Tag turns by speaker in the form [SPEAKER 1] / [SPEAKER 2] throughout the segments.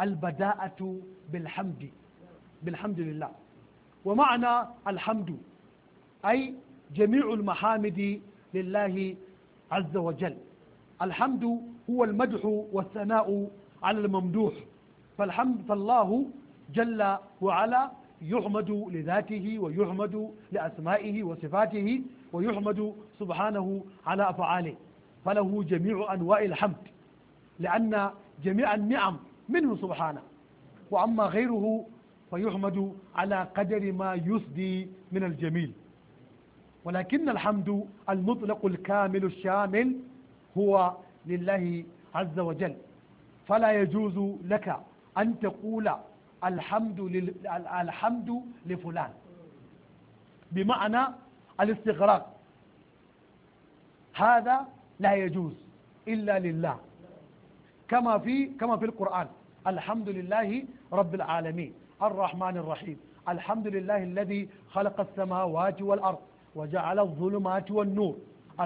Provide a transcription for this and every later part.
[SPEAKER 1] البداءة بالحمد بالحمد لله ومعنى الحمد أي جميع المحامد لله عز وجل الحمد هو المدح والثناء على الممدوح فالحمد فالله جل وعلا يحمد لذاته ويحمد لأسمائه وصفاته ويحمد سبحانه على أفعاله فله جميع أنواع الحمد لأن جميع النعم منه سبحانه وأما غيره فيحمد على قدر ما يسدي من الجميل ولكن الحمد المطلق الكامل الشامل هو لله عز وجل فلا يجوز لك أن تقول الحمد, لل... الحمد لفلان بمعنى الاستغراق هذا لا يجوز إلا لله كما في كما في القرآن الحمد لله رب العالمين الرحمن الرحيم الحمد لله الذي خلق السماوات والأرض وجعل الظلمات والنور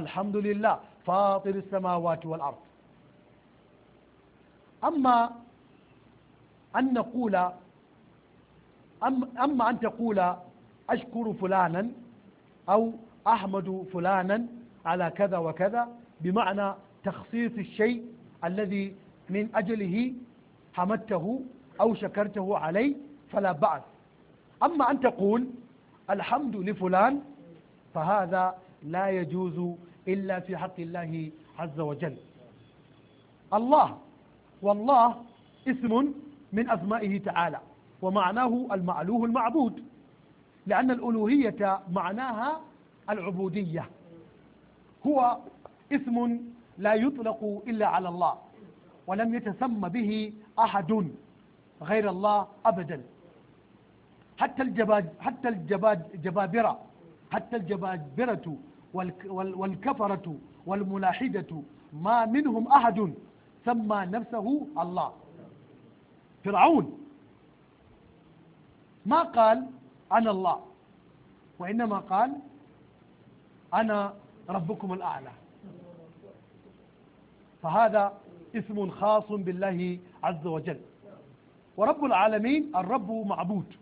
[SPEAKER 1] الحمد لله فاطر السماوات والأرض أما أن نقول أم أما أن تقول أشكر فلانا أو أحمد فلانا على كذا وكذا بمعنى تخصيص الشيء الذي من أجله حمدته أو شكرته عليه فلا بعد أما أن تقول الحمد لفلان فهذا لا يجوز إلا في حق الله عز وجل الله والله اسم من أسمائه تعالى ومعناه المعلوه المعبود لأن الألوهية معناها العبودية هو اسم لا يطلق إلا على الله ولم يتسمى به أحد غير الله أبدا حتى الجباد حتى الجباد جبابرة حتى الجبابرة والكفرة والملاحدة ما منهم أحد سمى نفسه الله فرعون ما قال أنا الله وإنما قال أنا ربكم الأعلى فهذا اسم خاص بالله عز وجل ورب العالمين الرب معبود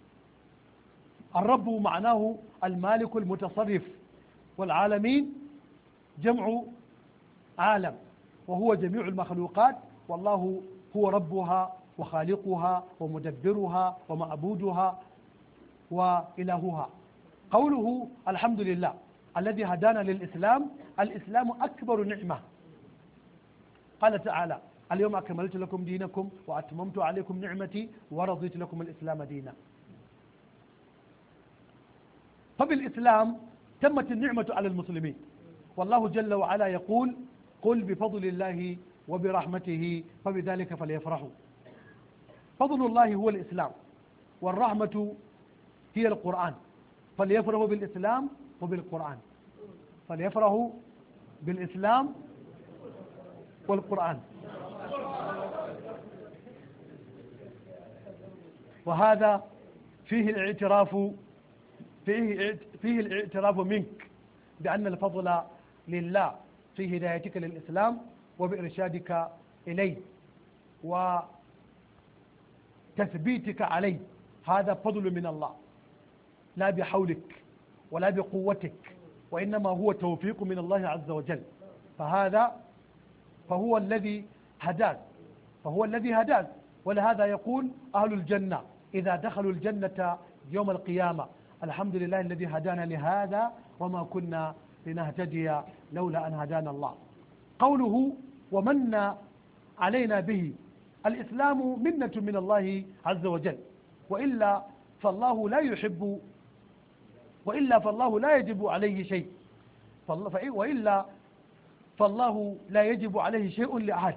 [SPEAKER 1] الرب معناه المالك المتصرف والعالمين جمع عالم وهو جميع المخلوقات والله هو ربها وخالقها ومدبرها ومعبودها وإلهها قوله الحمد لله الذي هدانا للإسلام الإسلام أكبر نعمة قال تعالى اليوم أكملت لكم دينكم وأتممت عليكم نعمتي ورضيت لكم الإسلام دينا فبالإسلام تمت النعمة على المسلمين والله جل وعلا يقول قل بفضل الله وبرحمته فبذلك فليفرحوا فضل الله هو الإسلام والرحمة هي القرآن فليفرحوا بالإسلام وبالقرآن فليفرحوا بالإسلام والقرآن وهذا فيه الاعتراف فيه فيه الاعتراف منك بأن الفضل لله في هدايتك للإسلام وبإرشادك إليه وتثبيتك عليه هذا فضل من الله لا بحولك ولا بقوتك وإنما هو توفيق من الله عز وجل فهذا فهو الذي هداك فهو الذي هداك ولهذا يقول أهل الجنة إذا دخلوا الجنة يوم القيامة الحمد لله الذي هدانا لهذا وما كنا لنهتدي لولا أن هدانا الله قوله ومن علينا به الإسلام منة من الله عز وجل وإلا فالله لا يحب وإلا فالله لا يجب عليه شيء وإلا فالله لا يجب عليه شيء لأحد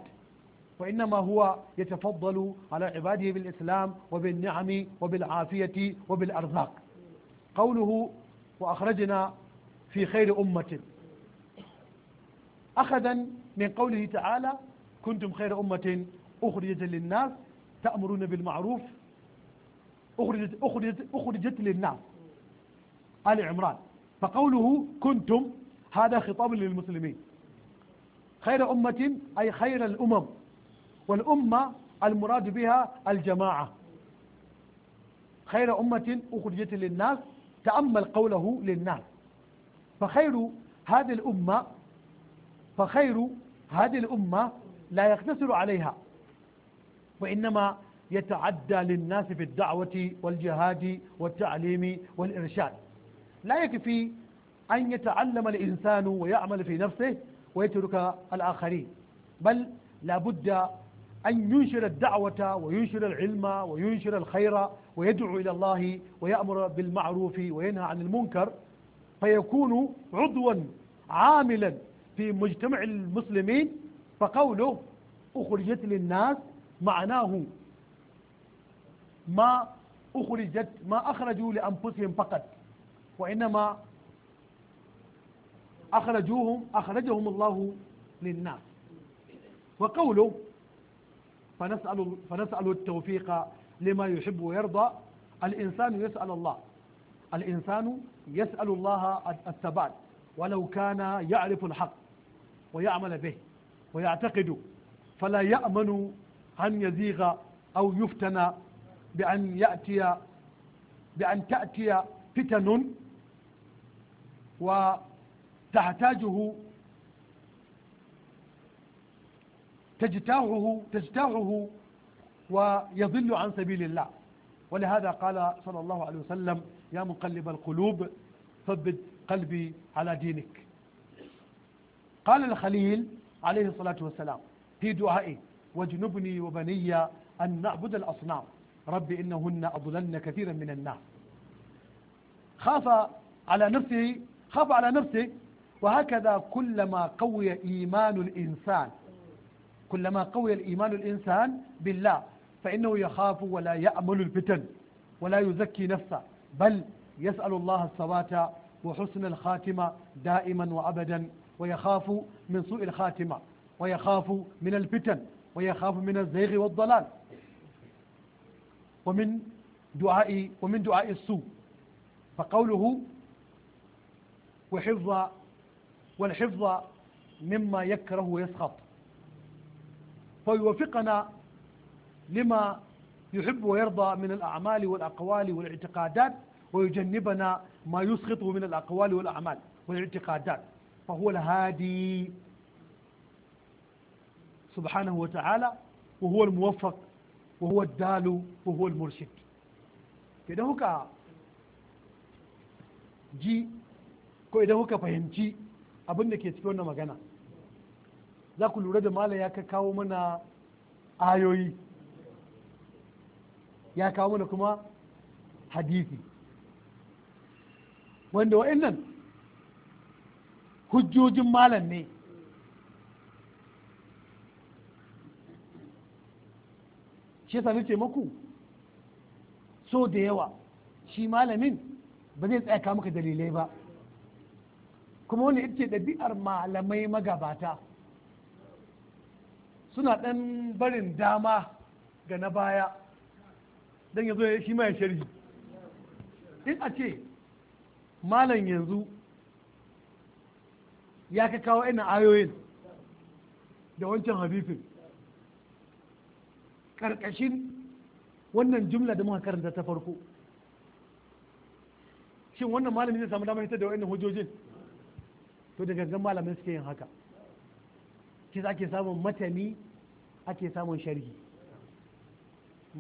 [SPEAKER 1] وإنما هو يتفضل على عباده بالإسلام وبالنعم وبالعافية وبالأرزاق قوله وأخرجنا في خير أمة أخذا من قوله تعالى كنتم خير أمة أخرجت للناس تأمرون بالمعروف أخرجت, أخرجت, أخرجت للناس آل عمران فقوله كنتم هذا خطاب للمسلمين خير أمة أي خير الأمم والأمة المراد بها الجماعة خير أمة أخرجت للناس تأمل قوله للناس فخير هذه الأمة فخير هذه الأمة لا يقتصر عليها وإنما يتعدى للناس في الدعوة والجهاد والتعليم والإرشاد لا يكفي أن يتعلم الإنسان ويعمل في نفسه ويترك الآخرين بل لابد أن ينشر الدعوة وينشر العلم وينشر الخير ويدعو إلى الله ويأمر بالمعروف وينهى عن المنكر فيكون عضوا عاملا في مجتمع المسلمين فقوله أخرجت للناس معناه ما أخرجت ما أخرجوا لأنفسهم فقط وإنما أخرجوهم أخرجهم الله للناس وقوله فنسأل, فنسأل التوفيق لما يحب ويرضى الإنسان يسأل الله الإنسان يسأل الله الثبات ولو كان يعرف الحق ويعمل به ويعتقد فلا يأمن أن يزيغ أو يفتن بأن يأتي بأن تأتي فتن و تحتاجه تجتاحه تجتاحه ويضل عن سبيل الله ولهذا قال صلى الله عليه وسلم يا مقلب القلوب ثبت قلبي على دينك قال الخليل عليه الصلاة والسلام في دعائه واجنبني وبني أن نعبد الأصنام رب إنهن أضلن كثيرا من الناس خاف على نفسه خاف على نفسه وهكذا كلما قوي إيمان الإنسان كلما قوي الإيمان الإنسان بالله فإنه يخاف ولا يأمل الفتن ولا يزكي نفسه بل يسأل الله الثبات وحسن الخاتمة دائما وأبدا ويخاف من سوء الخاتمة ويخاف من الفتن ويخاف من الزيغ والضلال ومن دعاء ومن دعاء السوء فقوله وحفظ والحفظ مما يكره ويسخط فيوفقنا لما يحب ويرضى من الأعمال والأقوال والاعتقادات ويجنبنا ما يسخطه من الأقوال والأعمال والاعتقادات فهو الهادي سبحانه وتعالى وهو الموفق وهو الدال وهو المرشد كده كا جي كده هو كا فهمتي abin da ke cikin wannan magana za ku lura da malam ya ka kawo mana ayoyi ya kawo mana kuma hadisi wanda wa'annan hujjojin malam ne shi yasa nace maku so da yawa shi malamin ba zai tsaya maka dalilai ba kuma wani ita ɗabi'ar malamai magabata suna ɗan barin dama ga na baya don ya zo ya shi mai sharhi in a ce malam yanzu ya ka kawo ina ayoyin da wancan habifin ƙarƙashin wannan jumla da muka karanta ta farko shin wannan malami zai samu damar hita da wa'in hujjojin to da gangan malamai suke yin haka kisa ake samun matani ake samun sharhi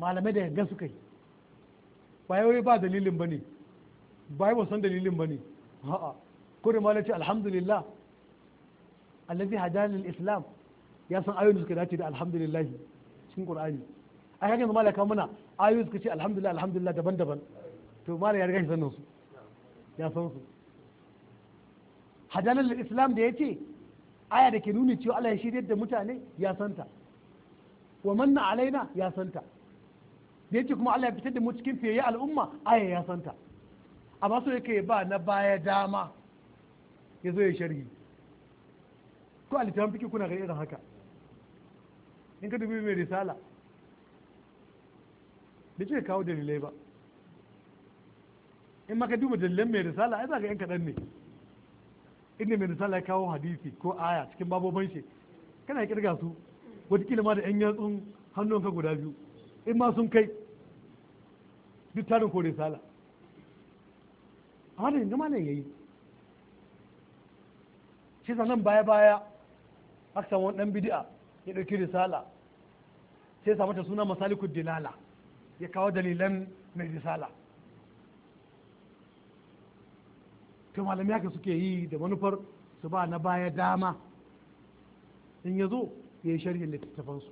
[SPEAKER 1] malamai da gangan suka yi ba ba dalilin ba ne ba san dalilin ba ne ha'a kuri ma ce alhamdulillah allazi hadani islam ya san ayoyin da suka dace da alhamdulillah cikin qur'ani a kaga malaka muna ayoyin suka ce alhamdulillah alhamdulillah daban-daban to malaka ya riga shi sanin su ya san su hadalar islam da ya ce aya da ke nuni cewa Allah ya shirya da mutane ya santa wa manna alaina ya santa da ya ce kuma Allah ya fitar da mu cikin fiye al'umma aya ya santa amma so yake ba na baya dama ya zo ya sharhi ko a littafin fiki kuna ga irin haka in ka dubi mai risala da ce kawo dalilai ba in maka duba dalilan mai risala ai za ka yan kaɗan ne inda mai misali ya kawo hadisi ko aya cikin babobin shi kana kirga su wataƙila ma da yan yatsun ka guda biyu in ma sun kai duk tarin ko risala amma da yanzu malam yayi shi nan baya baya aka samu wani dan bidiya ya ɗauki risala sai samu ta suna masalikud dilala ya kawo dalilan mai risala kai malamai haka suke yi da manufar su ba na baya dama in ya zo ya yi sharhin littattafansu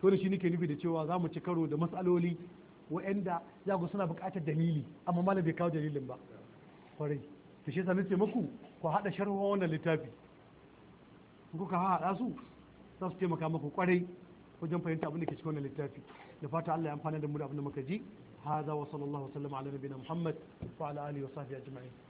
[SPEAKER 1] to da shi nake nufi da cewa za mu ci karo da matsaloli wa'anda za ku suna buƙatar dalili amma malam bai kawo dalilin ba kwarai ta shi sami ce muku ku haɗa sharhuwa wannan littafi in kuka haɗa su za su taimaka muku kwarai wajen fahimta abin da ke cikin wannan littafi da fata Allah ya amfana da mu da abin da muka ji هذا وصلى الله وسلم على نبينا محمد وعلى اله وصحبه اجمعين